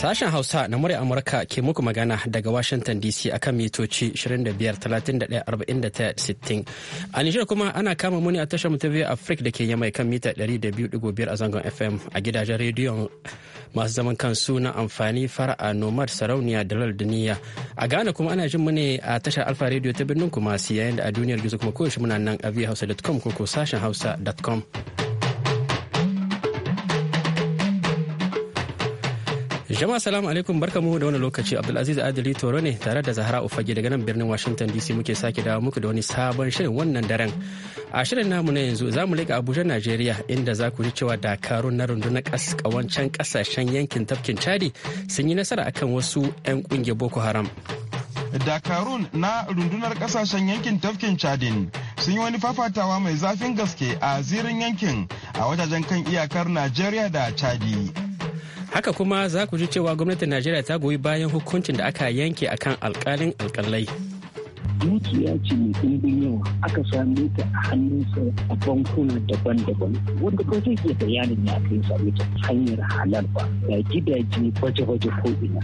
Sashen Hausa na murya Amurka ke muku magana daga Washington DC akan mitoci 25 31 60 A Nijar kuma ana kama muni a tashar mutum biyu Africa da ke yamai kan mita 200.5 a zangon FM a gidajen rediyon masu zaman kansu na amfani fara'a nomad sarauniya da lardiniya A Ghana kuma ana jin muni a tashar Alfa Radio ta birnin kuma siyayen da a duniyar gizo kuma kowace muna nan a vhausa.com ko ko sashen hausa.com. Jama'a salamu alaikum barkamu da wani lokaci Abdulaziz Adili Toro ne tare da Zahra Ufage daga nan birnin Washington DC muke sake dawo muku da wani sabon shirin wannan daren. A shirin namu na yanzu za mu leƙa Abuja Najeriya inda za ku ji cewa dakarun na rundunar kawancan kasashen yankin tafkin Chadi sun yi nasara akan wasu 'yan kungiyar Boko Haram. Dakarun na rundunar kasashen yankin tafkin Chadin sun yi wani fafatawa mai zafin gaske a zirin yankin a wajajen kan iyakar Najeriya da Chadi. haka kuma za ku ji cewa gwamnatin najeriya ta goyi bayan hukuncin da aka yanke akan alkalin alkalai dukiya ce mai ɗumbin yawa aka same ta a hannunsa a bankuna daban-daban wanda ba zai iya bayanin ya kai same ta hanyar halal ba ga gidaje baje-baje ko ina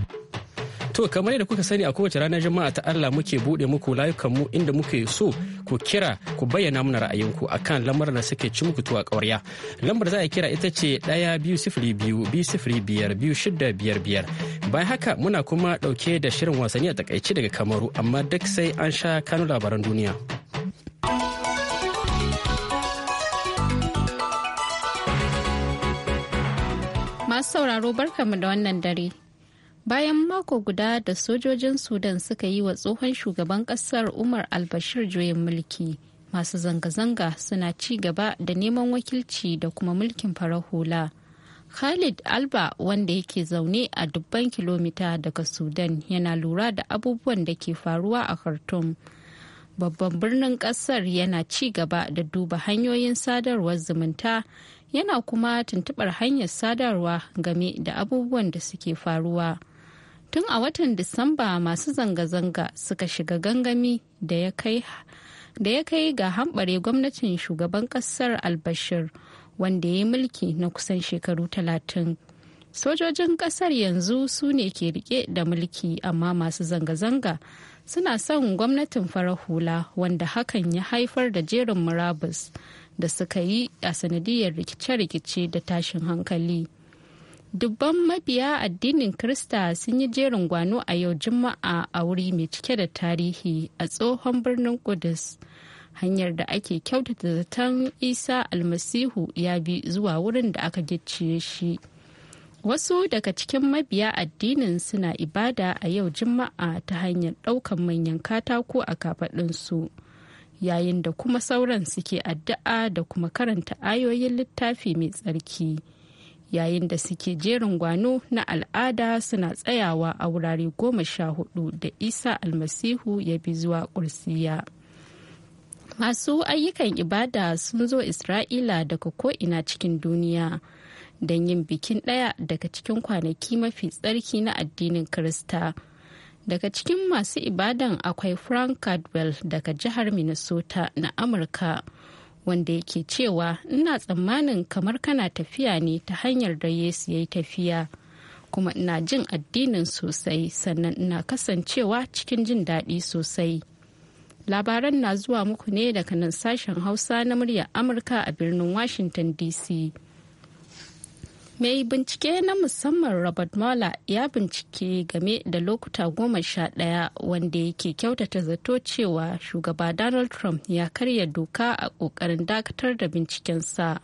To kamar yadda kuka sani a kowace ranar Juma'a ta Allah muke buɗe muku layukan mu inda muke so ku kira ku bayyana mana ra'ayinku akan lamarin da suke ci muku tuwa ƙwarya. Lambar za a kira ita ce ɗaya biyu sifili biyu biyu sifili biyar biyu shida biyar biyar. Bayan haka muna kuma ɗauke da shirin wasanni a takaici daga Kamaru amma duk sai an sha kanu labaran duniya. Masu sauraro barkamu da wannan dare. bayan mako guda da sojojin sudan suka yi wa tsohon shugaban kasar umar albashir juyin mulki masu zanga-zanga suna ci gaba da neman wakilci da kuma mulkin farar hula khalid alba wanda yake zaune a dubban kilomita daga sudan yana lura da abubuwan da ke faruwa a khartoum babban birnin kasar yana ci gaba da duba hanyoyin sadarwar zumunta yana kuma tuntubar hanyar sadarwa game da abubuwan da suke faruwa. tun a watan disamba masu zanga-zanga suka shiga gangami da ya kai ga hambare gwamnatin shugaban kasar albashir wanda ya yi mulki na kusan shekaru talatin sojojin kasar yanzu su ne ke rike da mulki amma masu zanga-zanga suna son gwamnatin farar hula wanda hakan ya haifar da jerin murabus da suka yi a sanadiyar rikice-rikice da tashin hankali. dubban mabiya addinin krista sun yi jerin gwano a yau juma'a a wuri mai cike da tarihi a tsohon birnin kudus hanyar da ake kyautata zaton isa almasihu ya bi zuwa wurin da aka gicciye shi wasu daga cikin mabiya addinin suna ibada a yau juma'a ta hanyar ɗaukan manyan katako a kafaɗinsu yayin da kuma sauran suke addu'a da kuma karanta ayoyin littafi mai tsarki. yayin da suke jerin gwano na al'ada suna tsayawa a wurare goma sha hudu da isa almasihu ya bi zuwa kursiya masu ayyukan ibada sun zo isra'ila daga ko'ina cikin duniya don yin bikin ɗaya daga cikin kwanaki mafi tsarki na addinin kirista daga cikin masu ibadan akwai frank cadwell daga jihar minnesota na amurka wanda yake cewa ina tsammanin kamar kana tafiya ne ta hanyar da yesu ya yi tafiya kuma ina jin addinin sosai sannan ina kasancewa cikin jin daɗi sosai labaran na zuwa muku ne daga nan sashen hausa na murya amurka a birnin washington dc mai bincike na musamman robert mueller ya bincike game da lokuta goma sha ɗaya wanda yake kyautata zato cewa shugaba donald trump ya karya doka a ƙoƙarin dakatar da bincikensa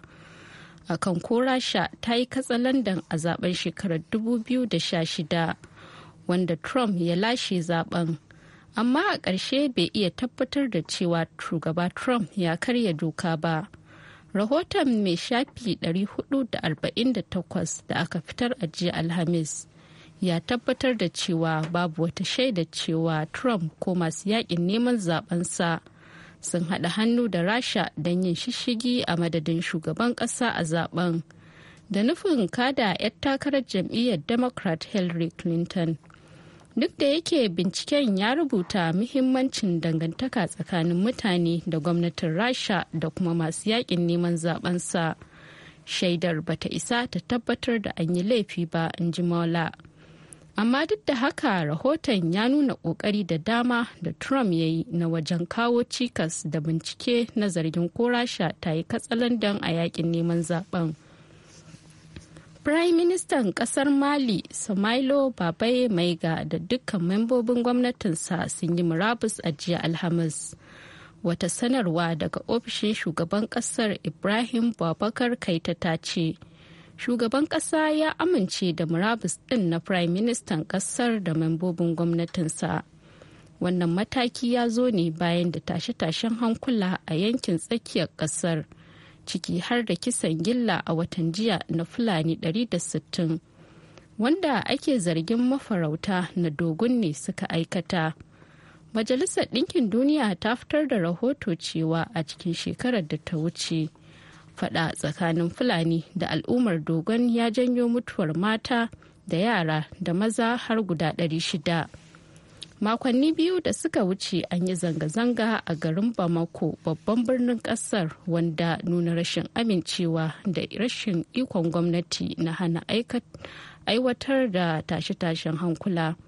a kan ko rasha ta yi katsa katsalandan a zaben shekarar 2016 wanda trump ya lashe zaben amma a ƙarshe bai iya tabbatar da cewa shugaba trump ya karya doka ba. rahoton mai shafi 448 da aka fitar a jiya alhamis ya tabbatar da cewa babu wata shaida cewa trump ko masu yakin neman zabensa sun haɗa hannu da rasha don yin shishigi a madadin shugaban ƙasa a zaben da nufin kada 'yar takarar jam'iyyar democrat hillary clinton duk da yake binciken ya rubuta muhimmancin dangantaka tsakanin mutane da gwamnatin rasha da kuma masu yakin neman sa shaidar bata isa ta tabbatar da an yi laifi ba in ji maula amma duk da haka rahoton ya nuna kokari da dama da trump ya yi na wajen kawo cikas da bincike na zargin ko rasha ta yi katsalandan a yakin neman zaben Prime Ministan kasar Mali, Samailo Babaye Maiga da dukkan membobin gwamnatinsa sun yi murabus a jiya Alhamis. Wata sanarwa daga ofishin shugaban kasar Ibrahim Babakar Kaita ta ce, Shugaban kasa ya amince da murabus ɗin na Prime Ministan kasar da membobin gwamnatinsa. Wannan mataki ya zo ne bayan da tashe-tashen hankula a yankin tsakiyar kasar. ciki har da kisan gilla a watan jiya na fulani 160 wanda ake zargin mafarauta na dogon ne suka aikata majalisar ɗinkin duniya ta fitar da rahoto cewa a cikin shekarar da ta wuce fada tsakanin fulani da al'ummar dogon ya janyo mutuwar mata da yara da maza har guda 600 makonni biyu da suka wuce an yi zanga-zanga a garin bamako babban birnin kasar wanda nuna rashin amincewa da rashin ikon gwamnati na hana aiwatar da tashe-tashen hankula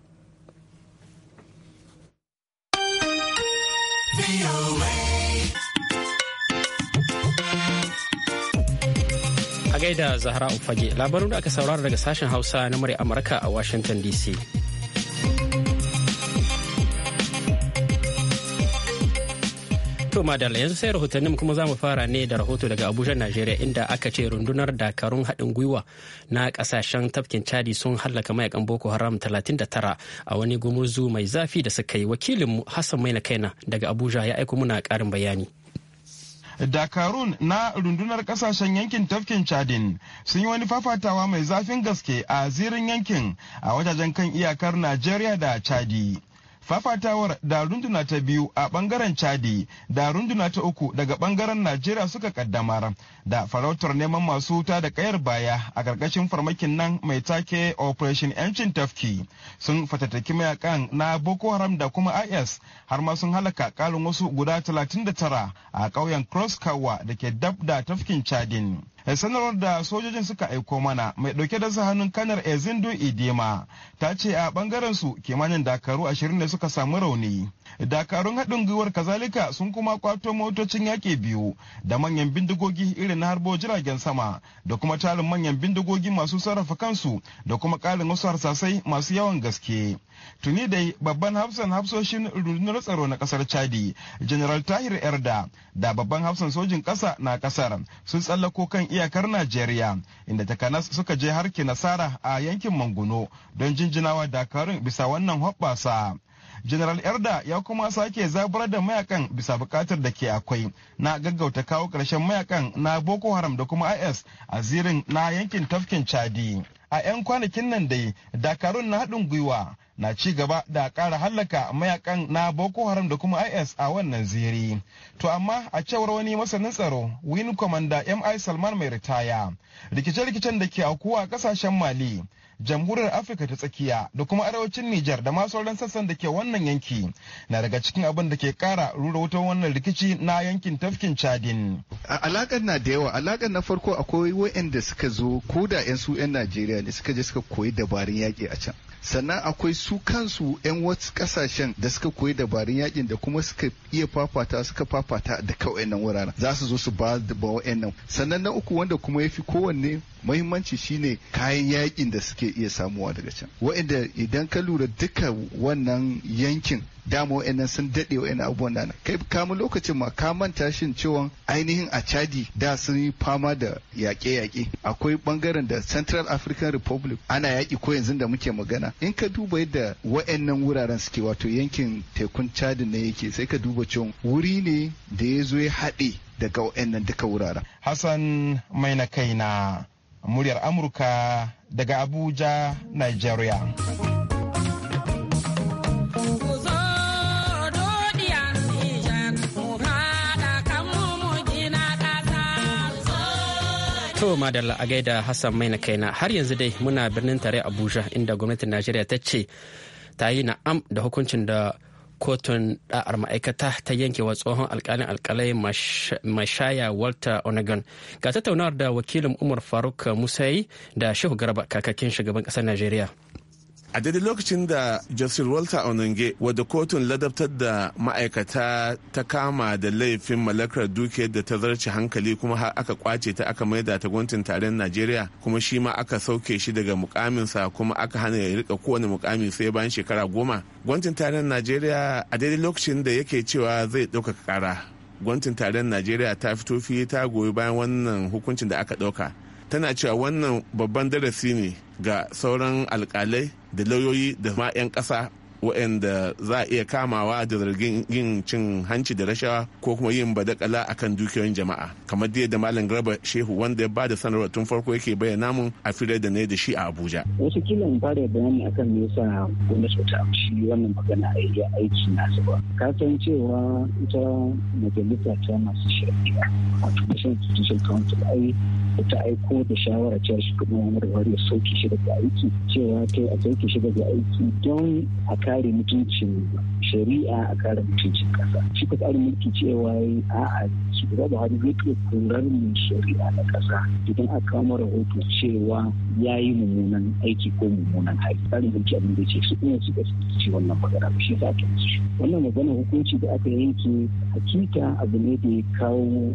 a gaida zahra fage labarin da aka saurara daga sashen hausa na murya amurka a washington dc To madalla yanzu sai rahotannin kuma za mu fara ne da rahoto daga Abuja Najeriya inda aka ce rundunar dakarun haɗin gwiwa na ƙasashen tafkin Chadi sun hallaka mayakan Boko Haram 39 a wani gumurzu mai zafi da suka yi wakilin Hassan Maina Kaina daga Abuja ya aiko muna ƙarin bayani. Dakarun na rundunar kasashen yankin tafkin Chadin sun yi wani fafatawa mai zafin gaske a zirin yankin a wajajen kan iyakar Najeriya da Chadi. fafatawar da runduna ta biyu a bangaren chadi da runduna ta uku daga bangaren najeriya suka kaddamar da farautar neman masu wuta da kayar baya a karkashin farmakin nan mai take operation yancin tafki sun fatattaki mayakan na boko haram da kuma is har ma sun halaka kalin wasu guda 39 a ƙauyen cross kawa da ke dab da tafkin chadin Eh, sanarwar da sojojin suka aiko mana mai dauke da hannun kanar ezindu idima ta ce a bangaren su kimanin dakaru ashirin da suka samu rauni dakarun haɗin gwiwar kazalika sun kuma kwato motocin yaƙi biyu da manyan bindigogi irin na harbo jiragen sama da kuma tarin manyan bindigogi masu sarrafa kansu da kuma ƙarin wasu harsasai masu yawan gaske tuni dai babban hafsan hafsoshin rundunar tsaro na ƙasar chadi general tahir erda da babban hafsan sojin kasa na ƙasar sun tsallako kan iyakar Najeriya inda takanas suka je harki nasara a yankin Manguno don jinjinawa Dakarun bisa wannan hoɓɓasa. General Erda ya kuma sake zabar da mayakan bisa bukatar da ke akwai na gaggauta kawo ƙarshen mayakan na Boko Haram da kuma IS a zirin na yankin tafkin Chadi. A 'yan kwanakin nan dai, Dakarun na haɗin gwiwa na ci gaba da kara hallaka mayakan na Boko Haram da kuma IS a wannan ziri. To amma a cewar wani masanin tsaro Win Commander MI Salman mai ritaya, rikice-rikicen da ke aukuwa a kasashen Mali, jamhuriyar Afirka ta tsakiya da kuma arewacin Nijar da masu sauran sassan da ke wannan yanki na daga cikin abin da ke kara rura wutar wannan rikici na yankin tafkin Chadin. alakar na da yawa, alakar na farko akwai wa'anda suka zo ko da 'yan su 'yan Najeriya ne suka je suka koyi dabarun yaƙi a can. sannan akwai su kansu 'yan wasu kasashen da suka koyi dabarun yakin da kuma suka iya fafata suka fafata da kawai nan wuraren za su zo su ba da ba nan sannan na uku wanda kuma ya fi kowanne mahimmanci shine kayan yakin da suke iya samuwa daga can wa'inda idan ka lura duka wannan yankin dama wa'annan sun daɗe wa'annan abubuwan nan kai kamun lokacin ma ka manta shin cewa ainihin a chadi da sun yi fama da yaƙe-yaƙe akwai bangaren da central african republic ana yaƙi ko yanzu da muke magana in ka duba yadda wa'annan wuraren suke wato yankin tekun chadin ne yake sai ka duba cewa wuri ne da ya zo ya haɗe daga wa'annan duka wuraren hassan mai na kai na muryar amurka daga abuja nigeria To madalla a gaida Hassan mai na kaina har yanzu dai muna birnin tare Abuja inda gwamnatin Najeriya ta ce ta yi na'am da hukuncin da kotun da'ar ma'aikata ta yanke wa tsohon alkalin alkalai mashaya walter Onagan. ga tattaunawar da wakilin umar faruk musayi da shehu garba kakakin shugaban kasar najeriya a daidai lokacin da justin walter onange wadda kotun ladabtar da ma'aikata ta kama da laifin mallakar dukiyar da ta zarce hankali kuma har aka kwace ta aka maida ta gwamnatin taron najeriya kuma shi ma aka sauke shi daga mukaminsa kuma aka hana ya rika kowane mukami sai bayan shekara goma gwamnatin taron najeriya a daidai lokacin da yake cewa zai ɗaukaka kara gwamnatin taron najeriya ta fito fili ta goyi bayan wannan hukuncin da aka dauka tana cewa wannan babban darasi ne ga sauran alkalai. da lauyoyi da ma 'yan ƙasa waɗanda za a iya kamawa da zargin yin cin hanci da rashawa ko kuma yin badakala kan dukiyoyin jama'a kamar dai da malam garba shehu wanda ya bada sanarwa tun farko yake bayyana mun a fira da na da shi a abuja wasu kila in da bayani akan me yasa gwamnati ta amshi wannan magana a iya aiki nasu ba ka san cewa ita majalisa ta masu shari'a wato national judicial council ai ta aiko da shawara cewa shi kuma wani da wari ya sauke shi daga aiki cewa kai a sauke shi daga aiki don a kare mutuncin shari'a a kare mutuncin kasa shi ka tsari mulki cewa a'a shugaba buhari zai kai kurar mu shari'a na kasa idan aka kama rahoto cewa ya yi mummunan aiki ko mummunan hali tsarin mulki abin da ce su kuma su gaskici wannan magana shi sa ake wannan magana hukunci da aka yanke hakika abu ne da ya kawo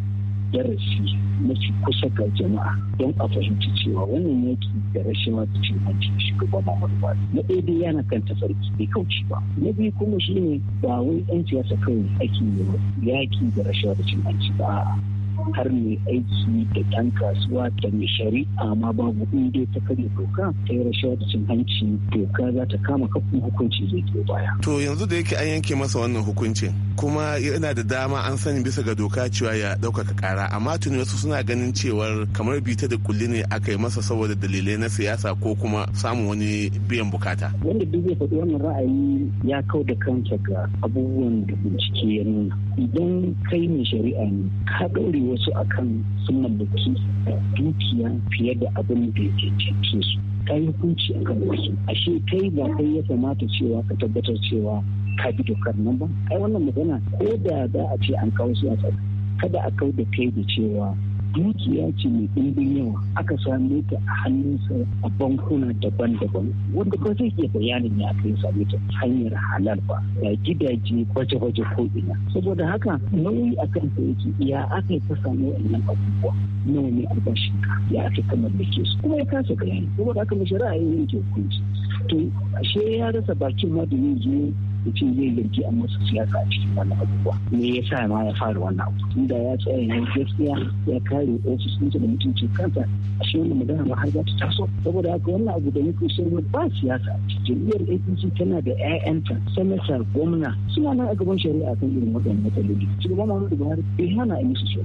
darasi mafi kusa ga jama'a don a fahimci cewa wannan yaki da rashin wata cin hanci shugaban Muhammadu ba. Na ɗaya dai yana kan tafarki bai kauce ba. Na biyu kuma shine ba wai 'yan siyasa kawai ake yi yaki da rashin wata cin ba. har mai aiki da ɗan kasuwa da mai shari'a ma babu inda ta karya doka ta yi rashawa da cin hanci doka za ta kama kafin hukunci zai ke baya. To yanzu da yake an yanke masa wannan hukuncin kuma yana da dama an sani bisa ga doka cewa ya ɗaukaka ƙara amma tuni wasu suna ganin cewar kamar bita da kulli ne aka yi masa saboda dalilai na siyasa ko kuma samun wani biyan bukata. Wanda duk zai faɗi wannan ra'ayi ya kau da kansa ga abubuwan da bincike ya nuna. idan kai mai shari'a ne ka ɗaure wasu akan sun mallaki dukiya fiye da abin da ya cece su ka yi hukunci akan wasu ashe kai ba kai ya kamata cewa ka tabbatar cewa ka bi dokar nan ba ai wannan magana ko da za a ce an kawo su a kada a kau da kai da cewa dukiya ce mai ɗimbin yawa aka same ta a hannunsa a bankuna daban-daban wanda ba zai iya bayanin ya kai yi same ta hanyar halal ba da gidaje baje-baje ko ina saboda haka nauyi a kan ta yake ya aka yi ta samu wannan abubuwa nawa ne albashin ka ya aka da ke su kuma ya kasa bayani saboda haka mai a yi yanke hukunci to ashe ya rasa bakin ma da yin mutum zai zargi a musu siyasa a cikin wannan abubuwa me ya sa ma ya fara wannan abu inda ya tsaya ne gaskiya ya kare ofis da mutuncin kansa a shi wannan magana ba har za ta taso saboda haka wannan abu da muke so ba siyasa jam'iyyar APC tana da 'ya'yanta sanata gwamna suna nan a gaban shari'a kan irin waɗannan matsaloli shugaban muhammadu buhari bai hana a musu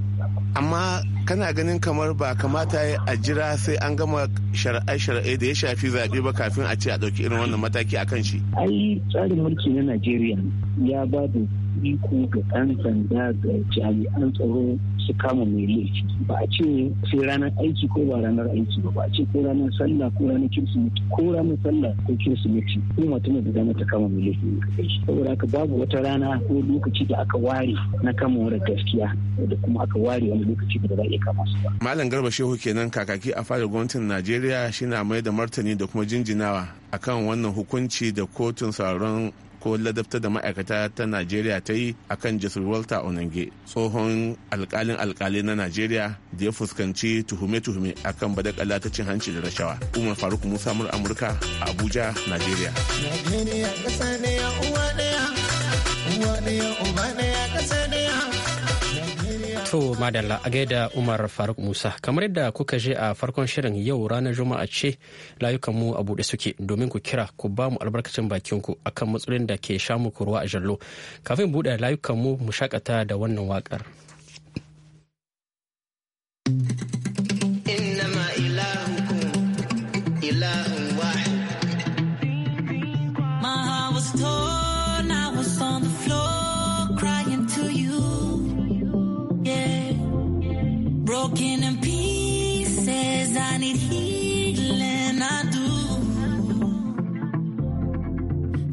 amma kana ganin kamar ba kamata a jira sai an gama shari'a-shari'a da ya shafi zaɓe ba kafin a ce a ɗauki irin wannan mataki kan shi ai tsarin mulki na najeriya ya ba da iko ga ɗan sanda ga jami'an tsaro su kama mai laifi ba a ce sai ranar aiki ko ba ranar aiki ba ba a ce ko ranar sallah ko ranar kirsimeti ko ranar sallah ko kirsimeti ko mutum da zama ta kama mai laifi ne kai saboda haka babu wata rana ko lokaci da aka ware na kama wani gaskiya da kuma aka ware wani lokaci da za a iya kama su ba. Malam Garba Shehu kenan kakaki a fadar gwamnatin Najeriya shi na mai da martani da kuma jinjinawa akan wannan hukunci da kotun tsaron. ko ladabta da ma'aikata ta najeriya ta yi akan jasar walter onange tsohon alkalin alkali na najeriya da ya fuskanci tuhume-tuhume a kan badakala ta cin hanci da rashawa umar faruk musa mur amurka abuja najeriya uwa uba To Madalla a gaida Umar Faruk Musa kamar yadda kuka je a farkon shirin yau ranar Juma'a ce layukanmu a buɗe suke domin ku kira ku ba mu albarkacin bakinku akan matsalolin da ke sha muku ruwa a jallo kafin buɗe layukanmu mu shakata da wannan waƙar. broken in pieces. I need healing. I do.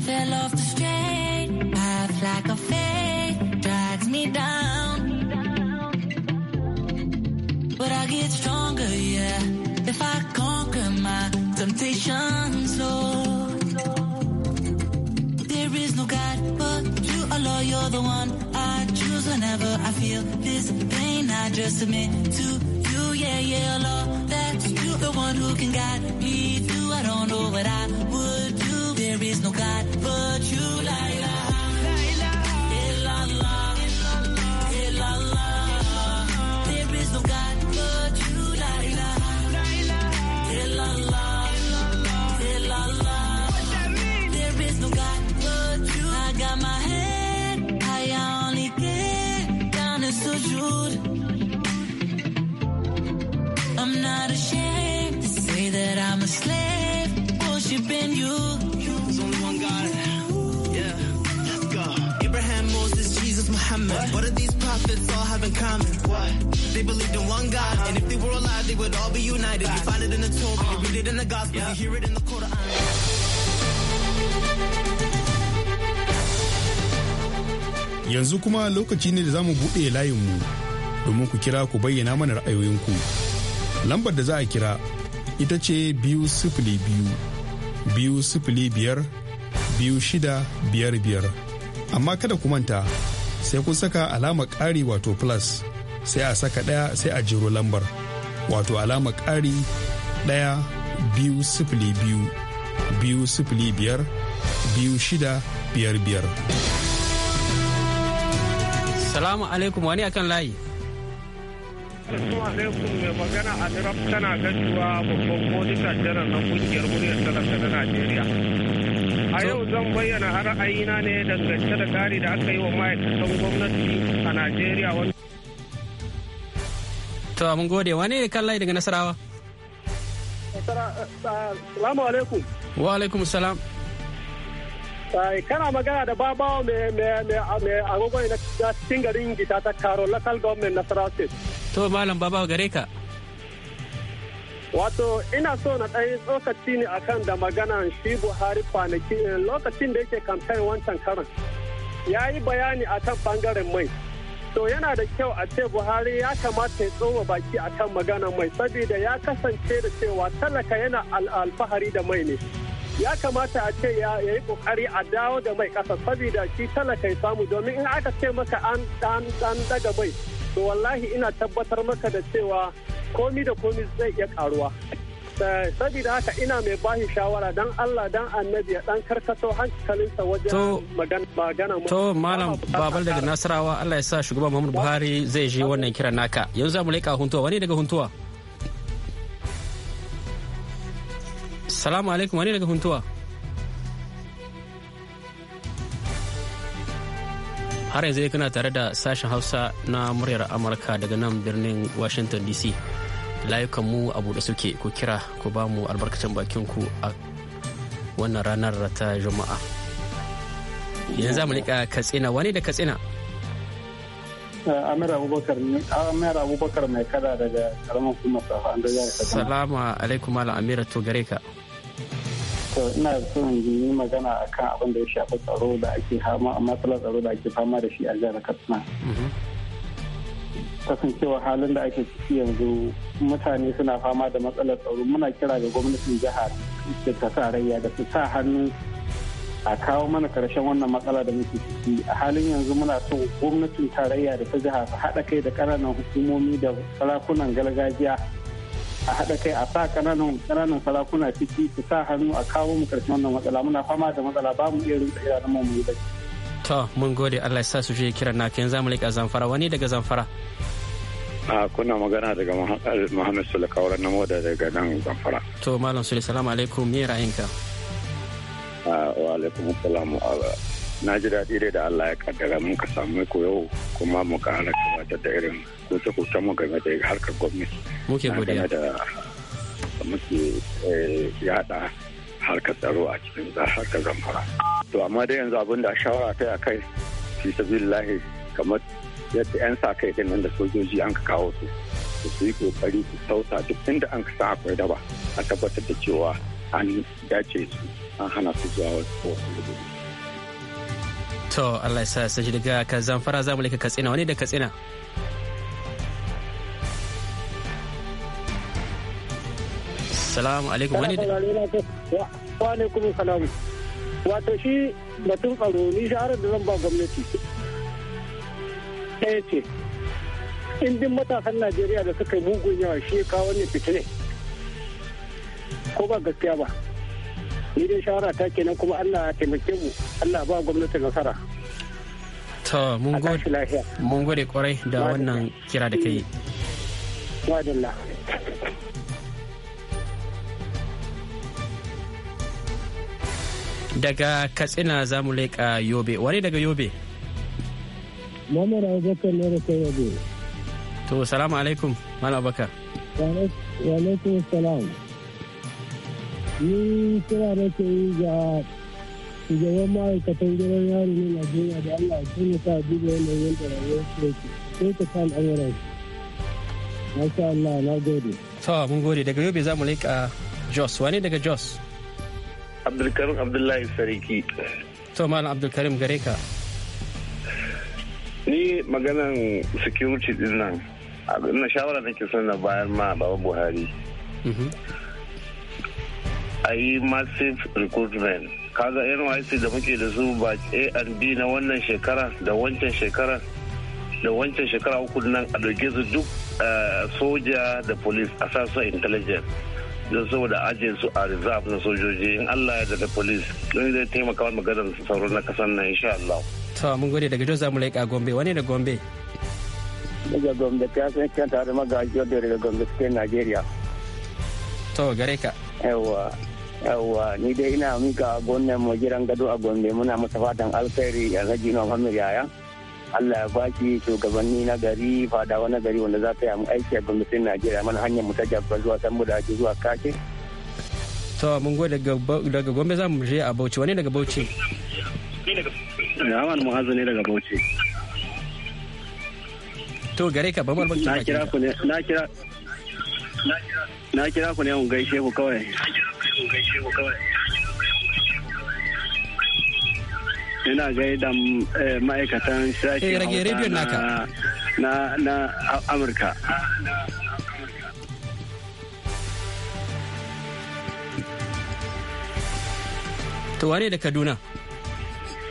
Fell off the straight path like a fate drags me down. But I get stronger, yeah. If I conquer my temptations, Lord. There is no God but you, Allah, you're the one whenever I feel this pain. I just submit to you, yeah, yeah, Lord, that you the one who can guide me through. I don't know what I would do. There is no God but you, like. What? what are these prophets all have in common? What? They believed in one God, uh -huh. and if they were alive, they would all be united. God. You find it in the Torah, uh -huh. you read it in the Gospel, yeah. you hear it in the Quran. Yanzu kuma lokaci ne da za mu buɗe layinmu domin ku kira ku bayyana mana ra'ayoyinku. Lambar da za a kira ita ce biyu sifili biyu biyu sifili biyar biyu shida biyar biyar amma kada ku manta sai kun saka alama ƙari wato plus sai a saka ɗaya sai a jiro lambar wato alama ƙari ɗaya biyu sifili biyu biyu sifili biyar biyu shida biyar biyar. Salamu alaikum wani akan layi. Kusuma Laifin mai magana a Tiraf tana gajuwa babban modita jiran na kungiyar muryar talaka na Najeriya. A yau zan bayyana har ra'ayina ne dangance da kari da aka yi wa ma'aikatan gwamnati a Najeriya wani. To mun gode wane ne kallai daga Nasarawa? Salamu alaikum. Wa alaikum salam. kana magana da babawa mai agogo na cikin garin gita ta karo local government nasarawa state to malam baba gare ka Wato ina so na ɗan tsokaci ne akan da maganan shi Buhari kwanaki eh, lokacin da yake kamfen wancan karan. Ya yi bayani akan bangaren mai. To yana da kyau a ce Buhari ya kamata ya tsoma baki akan magana mai saboda ya kasance da cewa talaka yana alfahari da mai ne. Ya kamata a ce ya yi kokari a dawo da mai kasa saboda shi talaka ya samu domin in aka ce maka an dan daga mai to wallahi ina tabbatar maka da cewa komi da komi zai iya karuwa saboda haka ina mai bashi shawara dan Allah dan annabi ya dan karkato hankalinsa wajen magana to malam babal daga nasarawa Allah ya sa shugaban Muhammadu Buhari zai je wannan kiran naka yanzu zamu leka huntuwa wani daga huntuwa salamu alaikum wani daga huntuwa har yanzu kana tare da sashen hausa na muryar amurka daga nan birnin washington dc layukan mu a buɗe suke ku kira ku ba mu albarkacin bakin ku a wannan ranar ta juma'a yanzu za mu rika katsina wani da katsina eh, Amir Abubakar Amir Abubakar mai kada daga karamin kuma safa an da Salamu alaikum ala Amira to gare ka. to ina son yi magana akan abin da ya shafi tsaro da ake fama a matsalar tsaro da ake fama da shi a jihar katsina mm-hmm. kasancewa halin da ake ciki yanzu mutane suna fama da matsalar tsaro muna kira ga gwamnatin jihar da ta tarayya da su sa hannu a kawo mana karshen wannan matsala da muke ciki a halin yanzu muna so gwamnatin tarayya da ta jiha su haɗa kai da ƙananan hukumomi da sarakunan gargajiya a haɗa kai a sa ƙananan ƙananan sarakuna ciki su sa hannu a kawo mu ƙarshen wannan matsala muna fama da matsala ba mu iya rinka iranin mu mu bai. to mun gode Allah ya sa su shi kiran na kan mu rika zamfara wani daga zamfara a kuna magana daga Muhammad Sule na moda daga nan zamfara to malam Sule salamu alaikum me ra'ayinka wa alaikum ala. na ji daɗi dai da Allah ya kaddara mun ka samu ko yau kuma mu ƙara gabatar da irin kuce-kuce mu game da harkar gwamnati. Muke godiya. da muke eh, yada harkar tsaro a cikin harkar zamfara. To amma dai yanzu abin da shawara ta ya kai fi sabilillahi kamar yadda 'yan sa kai din da sojoji an ka kawo su. Su su yi kokari su sauta duk inda an ka sa akwai daba a tabbatar da cewa an dace su an hana su zuwa wasu wasu to Allah ya sa shi daga ka zamfara za mu leka katsina wani da katsina salamu alaikum wani da wa alaikum salamu wato shi batun tsaro ni shaharar da zan ba gwamnati ɗaya ce indin matasan najeriya da suka yi mugun yawa shi ya kawo ne fitine ko ba gaskiya ba ni dai shawara ta kenan kuma Allah ya taimake mu Allah ba gwamnati nasara to mun gode mun gode kwarai da wannan kira da kai wadalla daga katsina za mu leƙa yobe wani daga yobe mamara abubakar ne daga yobe to salamu alaikum mana abubakar wa alaikum salam ni kira da ke yi ga shugaban ma'aikatan gidan yaro na najeriya da allah ya taimaka duba yanayin da rayuwar su yake sai ta kan na sha allah na gode. to mun gode daga yobe za mu leƙa jos wane daga jos. abdulkarim abdullahi sariki. to malam abdulkarim gare ka. ni maganan security din nan na shawara nake son na bayar ma baba buhari. Mhm. a yi massive recruitment kaga nyc da muke da su ba a and b na wannan shekara da wancan shekara da wancan shekara uku nan a dauke su duk eh, soja da police a sasa intelligence don saboda ajiye su a reserve na sojoji in allah ya daga police don zai taimaka wani maganar sauro na kasan nan insha allah to mun gode daga jos zamu laika gombe wani da gombe daga gombe ta san kanta da magajiyar da daga gombe cikin nigeria. to gare ka yawa yawwa ni dai ina mika gwamnan mu jiran gado a gombe muna masa fatan alkhairi a alhaji na muhammad yaya Allah ya baki shugabanni na gari fadawa na gari wanda za ta yi aiki a gwamnatin Najeriya mana hanyar mu ta jabba zuwa san mu da ake zuwa Kake. To mun goyi daga Gombe za mu je a Bauchi wani daga Bauchi. Yawan Mu'azzu ne daga Bauchi. To gare ka ba malbar Na kira ku ne na kira ku ne mu gaishe ku kawai. ku gaishe ku kawai. Ina eh, ma'aikatan sashen eh, Hausa na na Amurka. To wane da Kaduna?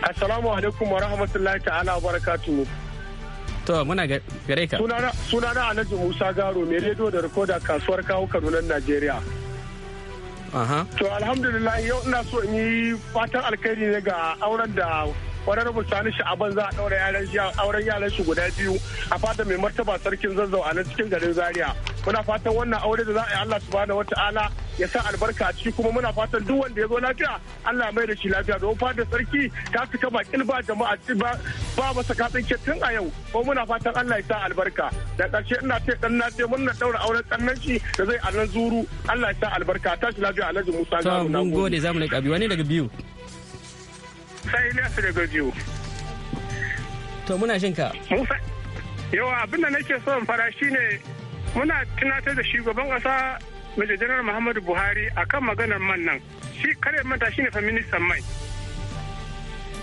Assalamu alaikum wa rahmatullahi ta'ala wa To muna gare ka. Sunana Alhaji Musa Garo mai rediyo da rikoda kasuwar kawo Kaduna Najeriya. To alhamdulillah yau ina so in yi fatan alkhairi ne ga auren da honorable sani sha'aban za a ɗaura auren yaran shi guda biyu a fata mai martaba sarkin zazzau a nan cikin garin zaria muna fatan wannan aure da za a yi Allah subhanahu ta'ala ya sa albarka a ciki kuma muna fatan duk wanda ya zo lafiya Allah mai da shi lafiya don fatan sarki ta cika bakin ba jama'a ba masa katsin tun a yau ko muna fatan Allah ya sa albarka da ƙarshe ina ce dan na ce mun na daura auren dan shi da zai a nan zuru Allah ya sa albarka ta shi lafiya Alhaji Musa Garu nan gode zamu ne kabi wani daga biyu sai Ilyas daga biyu to muna shinka Musa yawa abinda nake so in fara shine muna tunatar da shugaban kasa Major General Muhammadu Buhari a kan maganar man nan. Shi kare manta shine fa ministan mai.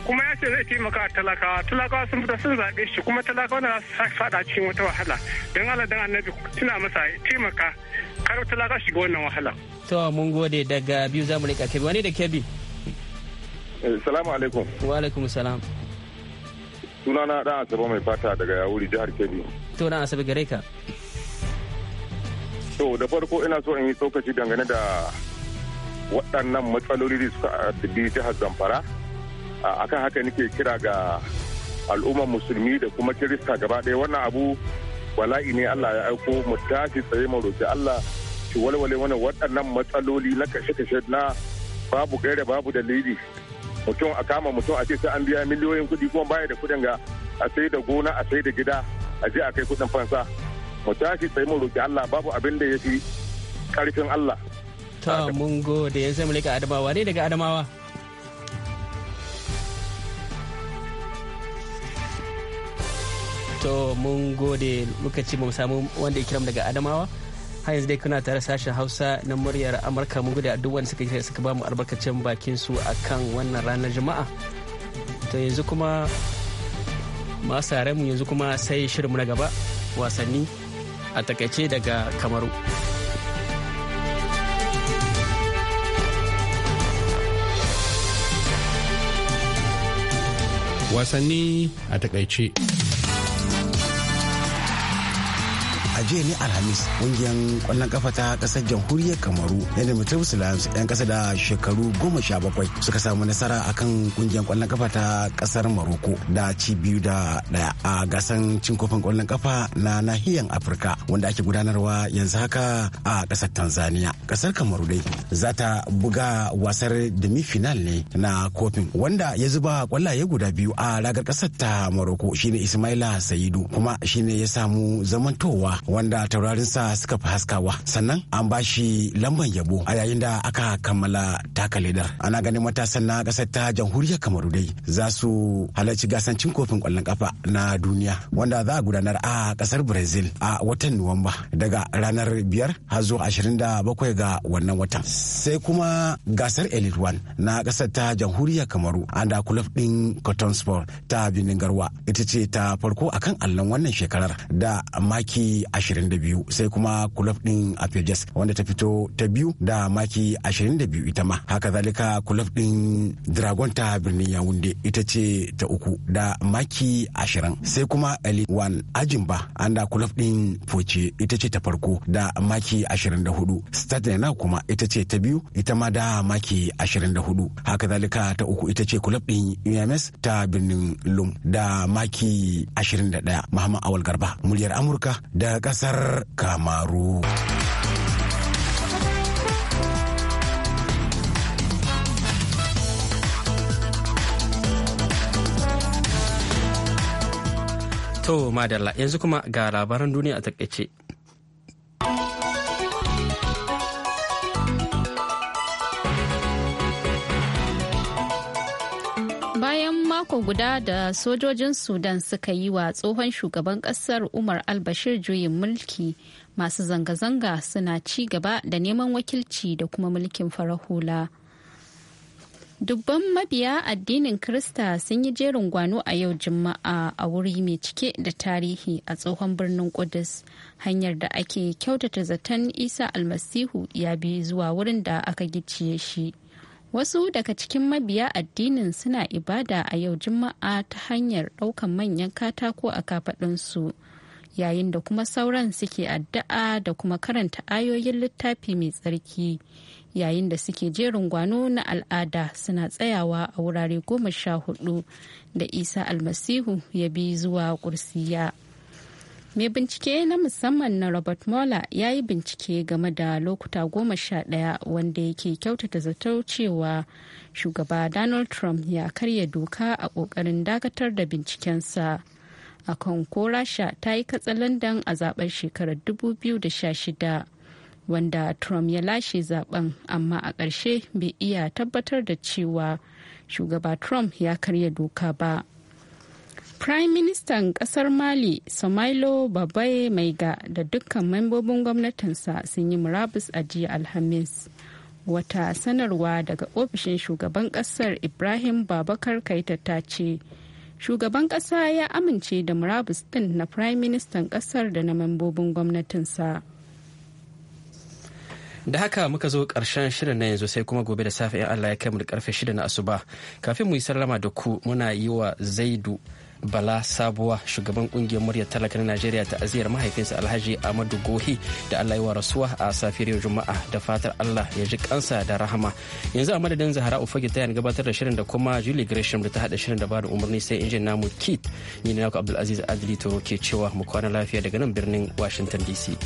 Kuma ya ce zai taimaka talakawa. Talakawa sun fita sun zaɓe shi kuma talakawa na su faɗa cikin wata wahala. Don Allah don annabi tuna masa taimaka kar talaka shiga wannan wahala. To mun gode daga biyu mu rika kebi wani da kebi. Eh, salamu alaikum. Wa alaikum salam. Sunana dan Asabe mai fata daga Yawuri jihar Kebbi. To dan Asabe gare ka. To da farko ina so in yi tsokaci dangane da waɗannan matsaloli da suka addabi jihar Zamfara. Akan haka nake kira ga al'ummar musulmi da kuma kirista gaba ɗaya wannan abu bala'i ne Allah ya aiko mu tashi tsaye mu roƙi Allah shi walwale mana waɗannan matsaloli na kashe-kashe na babu gaira babu dalili mutum a kama mutum a ce sai an biya miliyoyin kuɗi kuma baya da kuɗin ga a sai da gona a sai da gida a je a kai kuɗin fansa mu tashi sai mu roki Allah babu abin da yafi karfin Allah Ta mun gode yanzu mu leka adamawa ne daga adamawa to mun gode muka ci mu samu wanda ya kiram daga adamawa har yanzu dai kuna tare sashen hausa na muryar amurka mun gode a duk wanda suka yi suka ba mu albarkacin bakin su akan wannan ranar juma'a to yanzu kuma masu mu yanzu kuma sai shirinmu na gaba wasanni a takaice daga kamaru. wasanni a takaice. jiya ne alhamis kungiyar ƙwallon kafa ta ƙasar jamhuriyar kamaru yana mutum lions 'yan ƙasa da shekaru goma sha bakwai suka samu nasara a kan kungiyar ƙwallon kafa ta ƙasar maroko da ci biyu da ɗaya a gasan cin kofin ƙwallon kafa na nahiyar afirka wanda ake gudanarwa yanzu haka a ƙasar tanzania ƙasar kamaru dai za ta buga wasar demi-final ne na kofin wanda ya zuba kwallaye guda biyu a ragar ƙasar ta maroko shine ismaila saidu kuma shine ya samu zamantowa wanda taurarinsa suka fi haskawa sannan an ba shi lambar yabo a yayin da aka kammala taka ledar ana ganin matasan na kasar ta jamhuriyar kamaru dai za su halarci gasancin kofin kwallon kafa na duniya wanda za a gudanar a ƙasar brazil a watan nuwamba daga ranar biyar har zuwa ashirin da bakwai ga wannan watan sai kuma gasar elite one na kasar ta jamhuriyar kamaru an da kulaf din cotton sport ta birnin garwa ita ce ta farko akan allon wannan shekarar da maki ashirin 22 sai kuma kulob din apejas wanda ta fito ta biyu da maki 22 ita ma haka zalika kulob din dragon ta birnin yawunde ita ce ta uku da maki 20 sai kuma elite one ajimba da kulob din foce ita ce ta farko da maki 24 na kuma ita ce ta biyu ita ma da maki 24 haka zalika ta uku ita ce kulob din ums ta birnin lum da maki 21 muhammad awal garba muryar amurka da kasar kamaru to madalla yanzu kuma ga labaran duniya a takaice mako guda da sojojin Sudan suka yi wa tsohon shugaban kasar Umar albashir juyin mulki masu zanga-zanga suna ci gaba da neman wakilci da kuma mulkin farahula Dubban mabiya addinin Krista sun yi jerin gwano a yau Juma'a a wuri mai cike da tarihi a tsohon birnin Kudus. Hanyar da ake kyautata zaton Isa almasihu ya bi zuwa wurin da aka gicciye shi. Wasu daga cikin mabiya addinin suna ibada a yau Juma'a ta hanyar ɗaukan manyan katako a kafaɗinsu, yayin da kuma sauran suke addu'a da kuma karanta ayoyin littafi mai tsarki, yayin da suke jerin gwano na al'ada suna tsayawa a wurare goma sha hudu da Isa almasihu ya bi zuwa kursiya. mai bincike na musamman na robert mueller ya yi bincike game da lokuta goma sha daya wanda yake kyautata zato cewa shugaba donald trump ya karya doka a kokarin dakatar da bincikensa a kan ko rasha ta yi katsalandan a zaben shekarar 2016 wanda trump ya lashe zaben amma a ƙarshe bai iya tabbatar da cewa shugaba trump ya karya doka ba. Prime minister kasar Mali Somailo Babaye Maiga da dukkan membobin gwamnatinsa sun yi murabus a jiya Alhamis. Wata sanarwa daga ofishin shugaban kasar Ibrahim Babakar Kaita ta ce, Shugaban kasa ya amince da murabus ɗin na Prime minister kasar da na membobin gwamnatinsa. da haka muka zo karshen shirin na yanzu sai kuma gobe da safe in Allah ya kai mu da karfe shida na asuba kafin mu yi sallama da ku muna yi wa zaidu bala sabuwa shugaban kungiyar murya talaka na najeriya ta aziyar mahaifinsa alhaji Ahmadu gohi da allah wa rasuwa a safiyar juma'a da fatar allah ya ji kansa da rahama yanzu a madadin zahara ufage ta gabatar da shirin da kuma julie gresham da ta hada shirin da ba da umarni sai injin namu kit ni ne naku abdulaziz adli toro ke cewa mu kwana lafiya daga nan birnin washington dc